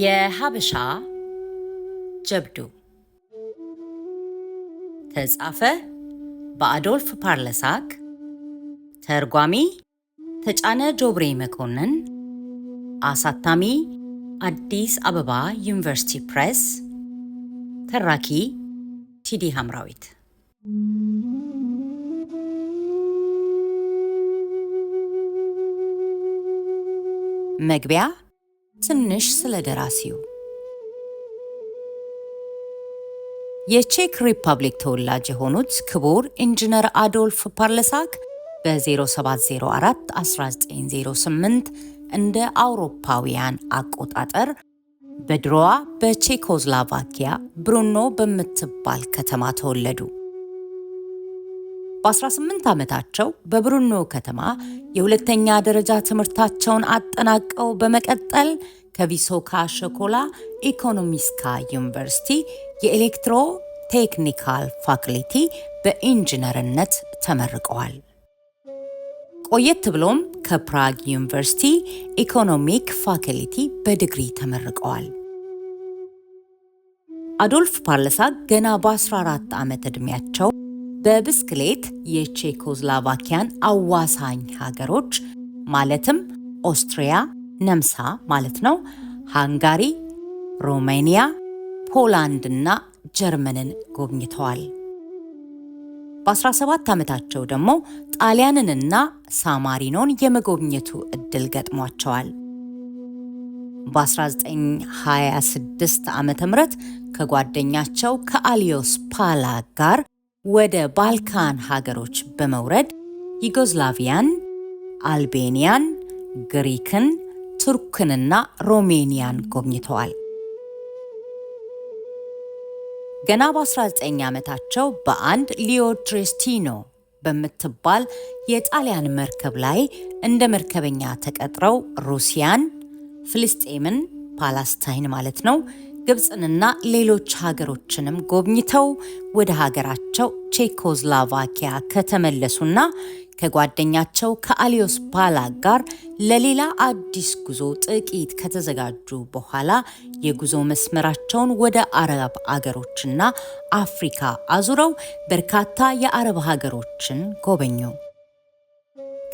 የሀበሻ ጀብዱ ተጻፈ በአዶልፍ ፓርለሳክ ተርጓሚ ተጫነ ጆብሬ መኮንን አሳታሚ አዲስ አበባ ዩኒቨርሲቲ ፕሬስ ተራኪ ቲዲ ሐምራዊት መግቢያ ትንሽ ስለ ደራሲው። የቼክ ሪፐብሊክ ተወላጅ የሆኑት ክቡር ኢንጂነር አዶልፍ ፓርለሳክ በ0704 1908 እንደ አውሮፓውያን አቆጣጠር በድሮዋ በቼኮዝላቫኪያ ብሩኖ በምትባል ከተማ ተወለዱ። በ18 ዓመታቸው በብሩኖ ከተማ የሁለተኛ ደረጃ ትምህርታቸውን አጠናቀው በመቀጠል ከቪሶካ ሸኮላ ኢኮኖሚስካ ዩኒቨርሲቲ የኤሌክትሮ ቴክኒካል ፋክሊቲ በኢንጂነርነት ተመርቀዋል። ቆየት ብሎም ከፕራግ ዩኒቨርሲቲ ኢኮኖሚክ ፋክሊቲ በዲግሪ ተመርቀዋል። አዶልፍ ፓርለሳክ ገና በ14 ዓመት ዕድሜያቸው በብስክሌት የቼኮዝላቫኪያን አዋሳኝ ሀገሮች ማለትም ኦስትሪያ ነምሳ ማለት ነው፣ ሃንጋሪ፣ ሮሜኒያ፣ ፖላንድና ጀርመንን ጎብኝተዋል። በ17 ዓመታቸው ደግሞ ጣሊያንንና ሳማሪኖን የመጎብኘቱ እድል ገጥሟቸዋል። በ1926 ዓ ም ከጓደኛቸው ከአሊዮስ ፓላ ጋር ወደ ባልካን ሀገሮች በመውረድ ዩጎዝላቪያን፣ አልቤኒያን፣ ግሪክን፣ ቱርክንና ሮሜኒያን ጎብኝተዋል። ገና በ19 ዓመታቸው በአንድ ሊዮድሬስቲኖ በምትባል የጣሊያን መርከብ ላይ እንደ መርከበኛ ተቀጥረው ሩሲያን፣ ፍልስጤምን ፓላስታይን ማለት ነው ግብፅንና ሌሎች ሀገሮችንም ጎብኝተው ወደ ሀገራቸው ቼኮዝላቫኪያ ከተመለሱና ከጓደኛቸው ከአሊዮስ ባላ ጋር ለሌላ አዲስ ጉዞ ጥቂት ከተዘጋጁ በኋላ የጉዞ መስመራቸውን ወደ አረብ አገሮችና አፍሪካ አዙረው በርካታ የአረብ ሀገሮችን ጎበኙ።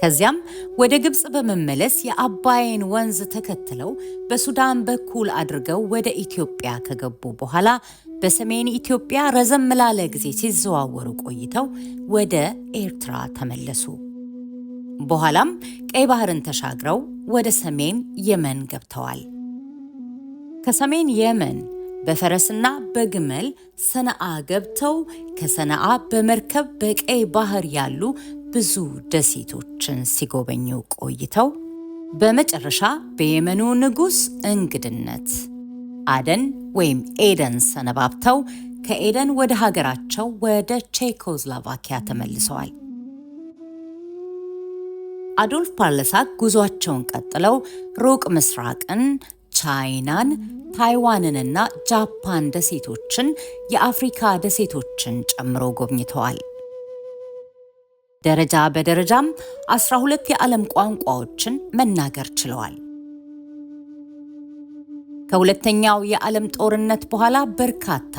ከዚያም ወደ ግብፅ በመመለስ የአባይን ወንዝ ተከትለው በሱዳን በኩል አድርገው ወደ ኢትዮጵያ ከገቡ በኋላ በሰሜን ኢትዮጵያ ረዘም ላለ ጊዜ ሲዘዋወሩ ቆይተው ወደ ኤርትራ ተመለሱ። በኋላም ቀይ ባህርን ተሻግረው ወደ ሰሜን የመን ገብተዋል። ከሰሜን የመን በፈረስና በግመል ሰነአ ገብተው ከሰነአ በመርከብ በቀይ ባህር ያሉ ብዙ ደሴቶችን ሲጎበኙ ቆይተው በመጨረሻ በየመኑ ንጉሥ እንግድነት አደን ወይም ኤደን ሰነባብተው ከኤደን ወደ ሀገራቸው ወደ ቼኮስሎቫኪያ ተመልሰዋል። አዶልፍ ፓርለሳክ ጉዟቸውን ቀጥለው ሩቅ ምስራቅን፣ ቻይናን፣ ታይዋንንና ጃፓን ደሴቶችን የአፍሪካ ደሴቶችን ጨምሮ ጎብኝተዋል። ደረጃ በደረጃም 12 የዓለም ቋንቋዎችን መናገር ችለዋል። ከሁለተኛው የዓለም ጦርነት በኋላ በርካታ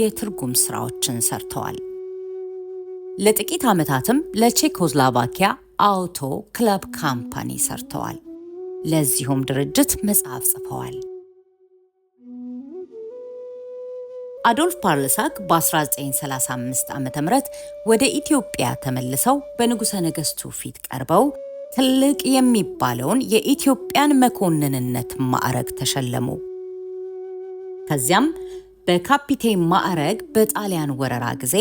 የትርጉም ሥራዎችን ሰርተዋል። ለጥቂት ዓመታትም ለቼኮስሎቫኪያ አውቶ ክለብ ካምፓኒ ሰርተዋል። ለዚሁም ድርጅት መጽሐፍ ጽፈዋል። አዶልፍ ፓርልሳክ በ1935 ዓ ም ወደ ኢትዮጵያ ተመልሰው በንጉሠ ነገሥቱ ፊት ቀርበው ትልቅ የሚባለውን የኢትዮጵያን መኮንንነት ማዕረግ ተሸለሙ። ከዚያም በካፒቴን ማዕረግ በጣሊያን ወረራ ጊዜ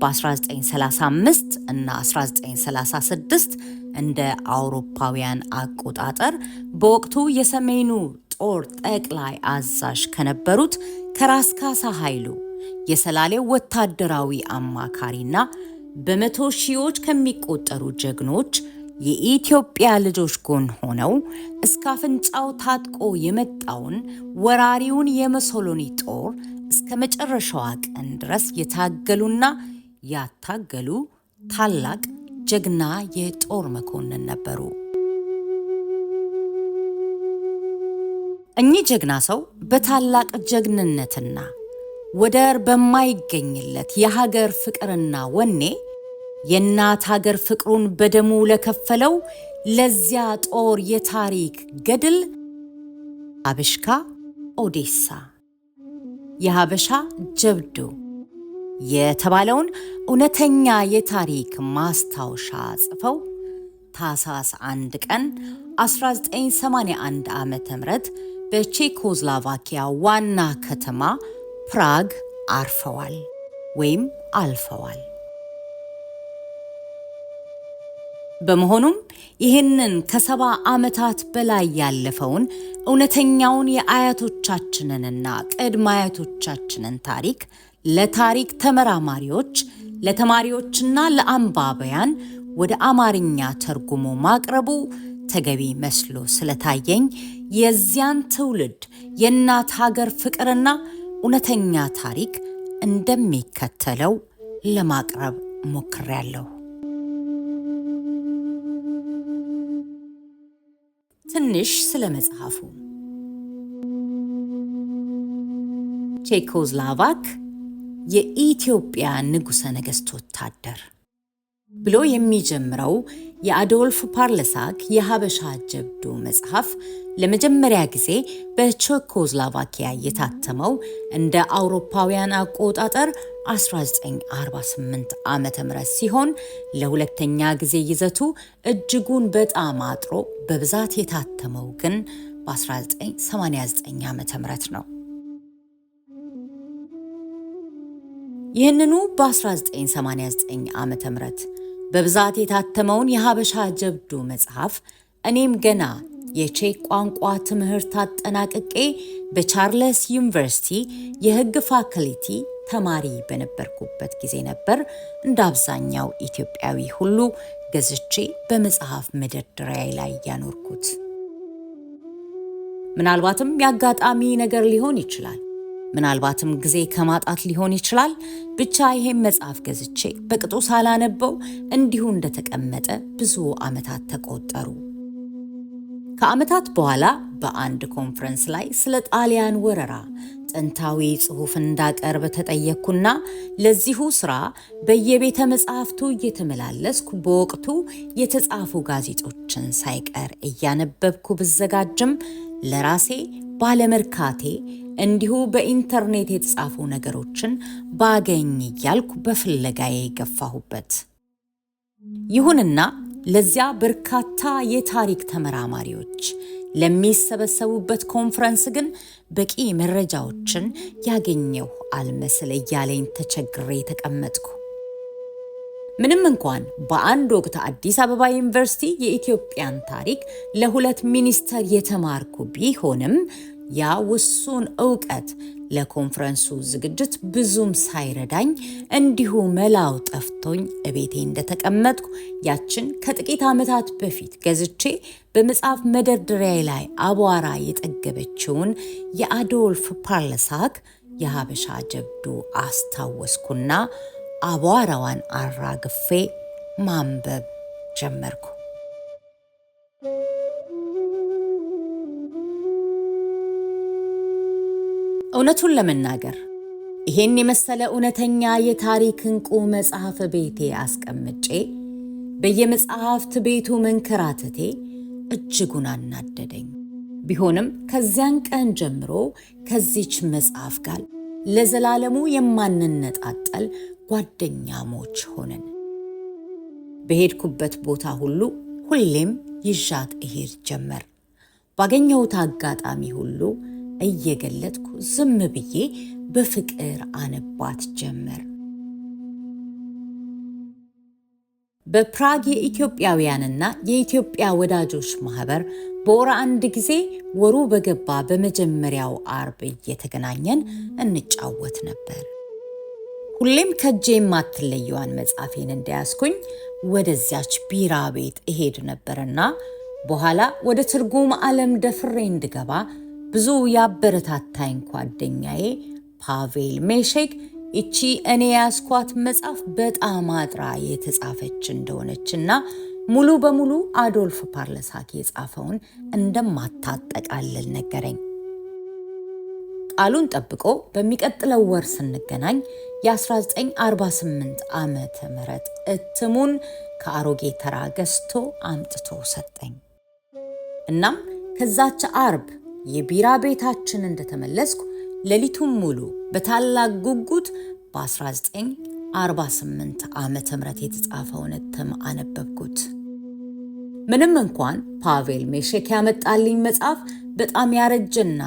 በ1935 እና 1936 እንደ አውሮፓውያን አቆጣጠር በወቅቱ የሰሜኑ ጦር ጠቅላይ አዛዥ ከነበሩት ከራስ ካሳ ኃይሉ የሰላሌው ወታደራዊ አማካሪና በመቶ ሺዎች ከሚቆጠሩ ጀግኖች የኢትዮጵያ ልጆች ጎን ሆነው እስከ አፍንጫው ታጥቆ የመጣውን ወራሪውን የመሰሎኒ ጦር እስከ መጨረሻዋ ቀን ድረስ የታገሉና ያታገሉ ታላቅ ጀግና የጦር መኮንን ነበሩ። እኚህ ጀግና ሰው በታላቅ ጀግንነትና ወደር በማይገኝለት የሀገር ፍቅርና ወኔ የእናት ሀገር ፍቅሩን በደሙ ለከፈለው ለዚያ ጦር የታሪክ ገድል ሀበሽካ ኦዴሳ የሀበሻ ጀብዱ የተባለውን እውነተኛ የታሪክ ማስታወሻ ጽፈው ታሳስ 1 ቀን 1981 ም በቼኮዝላቫኪያ ዋና ከተማ ፕራግ አርፈዋል ወይም አልፈዋል። በመሆኑም ይህንን ከሰባ ዓመታት በላይ ያለፈውን እውነተኛውን የአያቶቻችንንና ቅድመ አያቶቻችንን ታሪክ ለታሪክ ተመራማሪዎች፣ ለተማሪዎችና ለአንባቢያን ወደ አማርኛ ተርጉሞ ማቅረቡ ተገቢ መስሎ ስለታየኝ የዚያን ትውልድ የእናት ሀገር ፍቅርና እውነተኛ ታሪክ እንደሚከተለው ለማቅረብ ሞክሬያለሁ። ትንሽ ስለ መጽሐፉ ቼኮዝላቫክ የኢትዮጵያ ንጉሠ ነገሥት ወታደር ብሎ የሚጀምረው የአዶልፍ ፓርለሳክ የሀበሻ ጀብዱ መጽሐፍ ለመጀመሪያ ጊዜ በቼኮስሎቫኪያ የታተመው እንደ አውሮፓውያን አቆጣጠር 1948 ዓ ም ሲሆን ለሁለተኛ ጊዜ ይዘቱ እጅጉን በጣም አጥሮ በብዛት የታተመው ግን በ1989 ዓ ም ነው። ይህንኑ በ1989 ዓ ም በብዛት የታተመውን የሀበሻ ጀብዱ መጽሐፍ እኔም ገና የቼክ ቋንቋ ትምህርት አጠናቅቄ በቻርለስ ዩኒቨርሲቲ የሕግ ፋክልቲ ተማሪ በነበርኩበት ጊዜ ነበር እንደ አብዛኛው ኢትዮጵያዊ ሁሉ ገዝቼ በመጽሐፍ መደርደሪያ ላይ ያኖርኩት። ምናልባትም የአጋጣሚ ነገር ሊሆን ይችላል። ምናልባትም ጊዜ ከማጣት ሊሆን ይችላል። ብቻ ይሄም መጽሐፍ ገዝቼ በቅጡ ሳላነበው እንዲሁ እንደተቀመጠ ብዙ ዓመታት ተቆጠሩ። ከዓመታት በኋላ በአንድ ኮንፈረንስ ላይ ስለ ጣሊያን ወረራ ጥንታዊ ጽሑፍ እንዳቀርብ ተጠየቅኩና ለዚሁ ስራ በየቤተ መጻሕፍቱ እየተመላለስኩ በወቅቱ የተጻፉ ጋዜጦችን ሳይቀር እያነበብኩ ብዘጋጅም ለራሴ ባለመርካቴ እንዲሁ በኢንተርኔት የተጻፉ ነገሮችን ባገኝ እያልኩ በፍለጋዬ የገፋሁበት። ይሁንና ለዚያ በርካታ የታሪክ ተመራማሪዎች ለሚሰበሰቡበት ኮንፈረንስ ግን በቂ መረጃዎችን ያገኘሁ አልመስል እያለኝ ተቸግሬ ተቀመጥኩ። ምንም እንኳን በአንድ ወቅት አዲስ አበባ ዩኒቨርሲቲ የኢትዮጵያን ታሪክ ለሁለት ሚኒስተር የተማርኩ ቢሆንም ያ ውሱን እውቀት ለኮንፈረንሱ ዝግጅት ብዙም ሳይረዳኝ እንዲሁ መላው ጠፍቶኝ እቤቴ እንደተቀመጥኩ ያችን ከጥቂት ዓመታት በፊት ገዝቼ በመጽሐፍ መደርደሪያ ላይ አቧራ የጠገበችውን የአዶልፍ ፓርለሳክ የሀበሻ ጀብዱ አስታወስኩና አቧራዋን አራግፌ ማንበብ ጀመርኩ። እውነቱን ለመናገር ይሄን የመሰለ እውነተኛ የታሪክ እንቁ መጽሐፍ ቤቴ አስቀምጬ በየመጽሐፍት ቤቱ መንከራተቴ እጅጉን አናደደኝ። ቢሆንም ከዚያን ቀን ጀምሮ ከዚች መጽሐፍ ጋር ለዘላለሙ የማንነጣጠል ጓደኛሞች ሆነን በሄድኩበት ቦታ ሁሉ ሁሌም ይዣት እሄድ ጀመር። ባገኘሁት አጋጣሚ ሁሉ እየገለጥኩ ዝም ብዬ በፍቅር አነባት ጀመር። በፕራግ የኢትዮጵያውያንና የኢትዮጵያ ወዳጆች ማህበር በወር አንድ ጊዜ ወሩ በገባ በመጀመሪያው አርብ እየተገናኘን እንጫወት ነበር። ሁሌም ከጄ የማትለየዋን መጽሐፌን እንዳያስኩኝ ወደዚያች ቢራ ቤት እሄድ ነበርና በኋላ ወደ ትርጉም ዓለም ደፍሬ እንድገባ ብዙ ያበረታታኝ ጓደኛዬ ፓቬል ሜሼክ እቺ እኔ ያስኳት መጽሐፍ በጣም አጥራ የተጻፈች እንደሆነችና ሙሉ በሙሉ አዶልፍ ፓርለሳክ የጻፈውን እንደማታጠቃልል ነገረኝ። ቃሉን ጠብቆ በሚቀጥለው ወር ስንገናኝ የ1948 ዓመተ ምህረት እትሙን ከአሮጌ ተራ ገዝቶ አምጥቶ ሰጠኝ። እናም ከዛች አርብ የቢራ ቤታችን እንደተመለስኩ ሌሊቱን ሙሉ በታላቅ ጉጉት በ1948 ዓ ም የተጻፈውን እትም አነበብኩት። ምንም እንኳን ፓቬል ሜሼክ ያመጣልኝ መጽሐፍ በጣም ያረጀና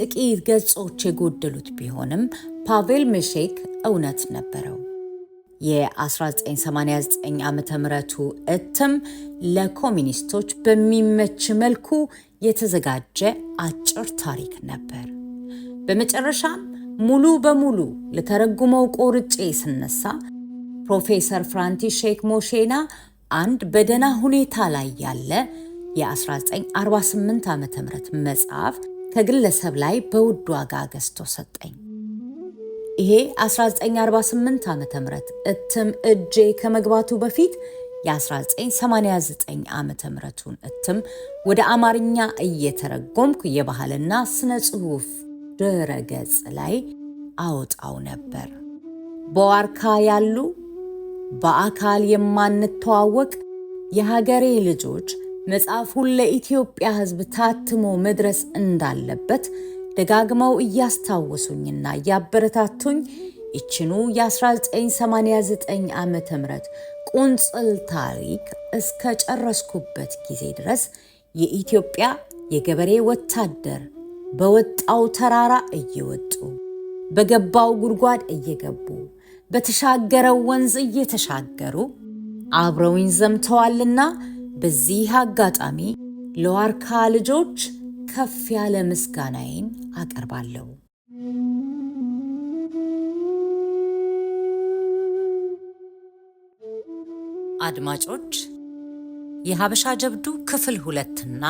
ጥቂት ገጾች የጎደሉት ቢሆንም ፓቬል ሜሼክ እውነት ነበረው። የ1989 ዓ ም እትም ለኮሚኒስቶች በሚመች መልኩ የተዘጋጀ አጭር ታሪክ ነበር። በመጨረሻም ሙሉ በሙሉ ልተረጉመው ቆርጬ ስነሳ ፕሮፌሰር ፍራንቲሼክ ሞሼና አንድ በደህና ሁኔታ ላይ ያለ የ1948 ዓ ም መጽሐፍ ከግለሰብ ላይ በውድ ዋጋ ገዝቶ ሰጠኝ። ይሄ 1948 ዓ ም እትም እጄ ከመግባቱ በፊት የ1989 ዓ ምቱን እትም ወደ አማርኛ እየተረጎምኩ የባህልና ስነ ጽሑፍ ድረ ገጽ ላይ አወጣው ነበር። በዋርካ ያሉ በአካል የማንተዋወቅ የሀገሬ ልጆች መጽሐፉን ለኢትዮጵያ ሕዝብ ታትሞ መድረስ እንዳለበት ደጋግመው እያስታወሱኝና እያበረታቱኝ ይችኑ የ1989 ዓ ም ቁንጽል ታሪክ እስከ ጨረስኩበት ጊዜ ድረስ የኢትዮጵያ የገበሬ ወታደር በወጣው ተራራ እየወጡ በገባው ጉድጓድ እየገቡ በተሻገረው ወንዝ እየተሻገሩ አብረውኝ ዘምተዋልና በዚህ አጋጣሚ ለዋርካ ልጆች ከፍ ያለ ምስጋናዬን አቀርባለሁ። አድማጮች የሀበሻ ጀብዱ ክፍል ሁለትና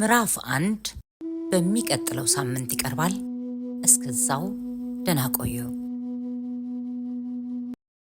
ምዕራፍ አንድ በሚቀጥለው ሳምንት ይቀርባል። እስከዛው ደህና ቆዩ።